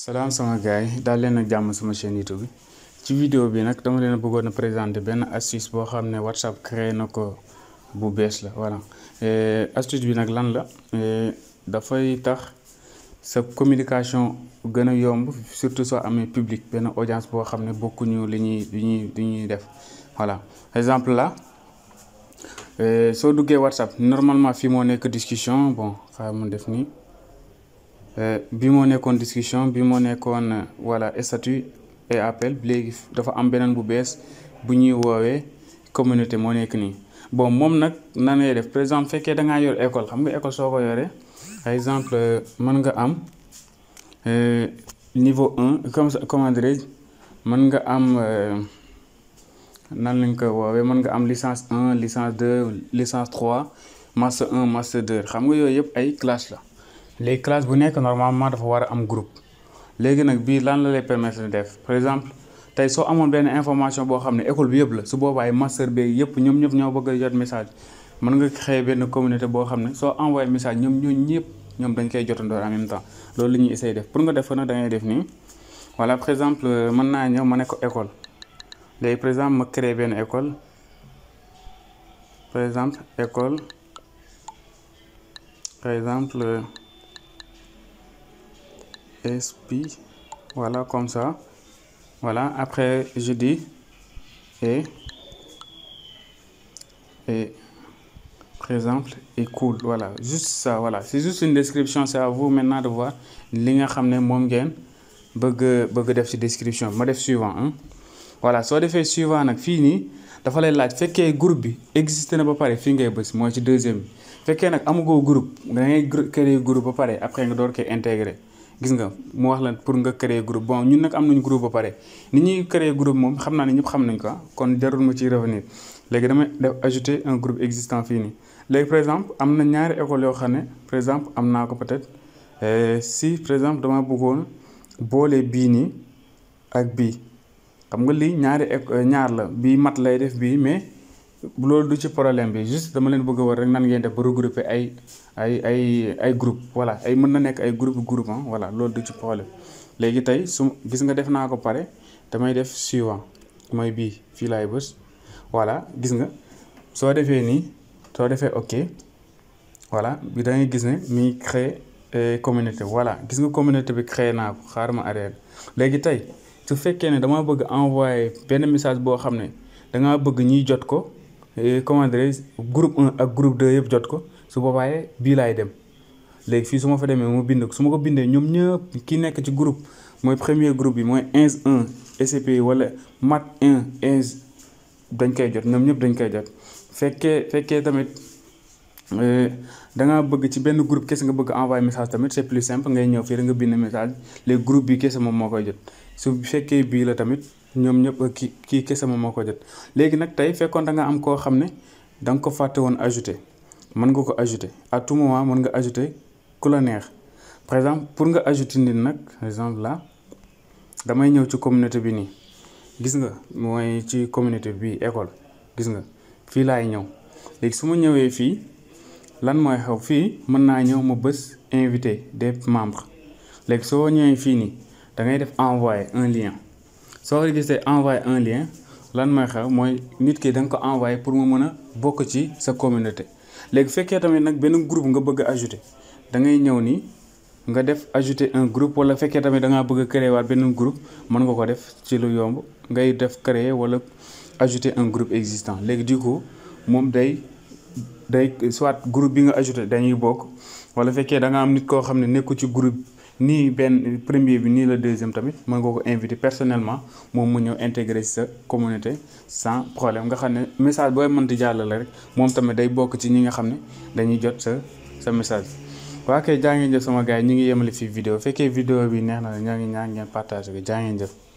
salaam sama gars yi daal leen ak jàmm sama seen YouTube bi ci vidéo bi nag dama leen bëggoon a présenter benn astuce boo xam ne WhatsApp créé na ko bu bees la voilà eh, astuce bi nag lan la eh, dafay tax sa communication gën a yomb surtout soo amee publique benn audience boo xam ne bokkuñu li ñuy li ñuy li ñuy def voilà exemple là eh, soo duggee WhatsApp normalement fii moo nekk discussion bon xaaral ma def nii. Euh, bi moo nekkoon discussion bi moo nekkoon euh, voilà statut et bi léegi dafa am beneen bu bees bu ñuy woowee communauté moo nekk nii bon moom nag nan def par exemple fekkee da ngaa yor école xam nga école soo ko yoree par exemple euh, mën nga am niveau un comme comment dirais nga am nan lañ ko woowee mën nga am licence un licence deux licence trois master un master deux xam nga yooyu yëpp ay classe la. léegi classe bu nekk normalement dafa war a am group léegi nag bii lan la lay permettre def par exemple tey soo amoon benn information boo xam ne école bi yëpp la su boobaay master beeg yëpp ñoom ñëpp ñoo bëgg a jot message mën nga xëy benn communauté boo xam ne soo envoyé message ñoom ñoo ñëpp ñoom dañ koy jotandoo en même temps loolu lu ñuy essayé def pour nga def ko nag da def nii voilà par exemple euh, mën naa ñëw ma ne ko école léegi par ma créé benn école par exemple école par euh, SP voilà comme ça voilà après je dis et et par exemple et cool voilà juste ça voilà c'est juste une description c'est à vous maintenant de voir li nga xam ne moom ngeen bëgg bëgg def ci description ma def suivant hein? voilà soo defee suivant nag fii nii dafa lay laaj fekkee groupe bi existe na ba pare fii ngay bës mooy ci deuxième bi fekkee nag amugoo groupe da ngay créer groupe ba pare après nga door koy intégré gis nga mu wax la pour nga créer groupe bon ñun nag am nañ groupe ba pare ni ñuy créer groupe moom xam naa ne ñëpp xam nañ ko kon jarul ma ciy revenir léegi damay def ajouter un groupe existant fii nii léegi par exemple am na ñaari école yoo xam ne par exemple am naa ko peut-être euh, si par exemple dama bëggoon boole bii nii ak bii xam nga lii ñaari ñaar la bi mat lay def bii mais. loolu du ci problème bi juste dama leen bëgg a war rek nan ngeen def ba regrouper ay ay ay ay groupe voilà ay mën na nekk ay groupe groupement voilà loolu du ci problème léegi tey su gis nga def naa ko pare damay def suivant mooy bii fii laay bës voilà gis nga soo defee nii soo defee ok voilà bi da gis ne mi ngi créé euh, communauté voilà gis nga communauté bi créé naa xaar ma arrière léegi tey su fekkee ne dama bëgg envoyé benn message boo xam ne danga bëgg ñiy jot ko comment dirais groupe 1 ak groupe 2 yëpp jot ko su boobaaye bii laay dem léegi fii su ma fa demee moo bind ko su ma ko bindee ñoom ñëpp ki nekk ci groupe mooy premier groupe bi mooy 11 1 SCP wala mat 1 11 dañ koy jot ñoom ñëpp dañ koy jot fekkee fekkee tamit euh, da ngaa bëgg ci benn groupe kese nga bëgg envoyer message tamit c'est plus simple ngay ñëw fii rek nga bind message léegi group bi kese moom moo koy jot su fekkee bii la tamit ñoom ñëpp kii kii kese moom moo ko jot léegi nag tey fekkoon danga am koo xam ne danga ko fàtte woon ajouté mën nga ko ajouté à tout moment mën nga ajouté ku la neex par exemple pour nga ajouté nit nag par exemple là damay ñëw ci communauté bi nii gis nga mooy ci communauté bi école gis nga fii laay ñëw léegi su ma ñëwee fii lan mooy xew fii mën naa ñëw ma bës invité des membres léegi soo ñëwee fii nii. da ngay def envoyé un lien soo registré envoyé un lien lan mooy xew mooy nit ki da nga ko envoyé pour mu mën a bokk ci sa communauté léegi fekkee tamit nag benn groupe nga bëgg ajouté dangay ñëw ni nga def ajouté un groupe wala fekkee tamit da ngaa bëgg a créer benn groupe mën nga ko def ci lu yomb ngay def créer wala ajouter un groupe existant léegi du ko moom day day soit groupe bi nga ajouter dañuy bokk wala fekkee da am nit koo xam ne nekku ci groupe. nii benn premier bi nii la deuxième tamit mën nga ko invité personnellement moom mu ñëw intégré si sa communauté sans problème nga xam ne message booy mënti jàllale rek moom tamit day bokk ci ñi nga xam ne dañuy jot sa sa message. waa kay jaa ngeen jëf sama gars yi ñu ngi yemale fii vidéo fekkee video bi neex na la ñaa ngi ñaa ngeen partage bi jaa ngeen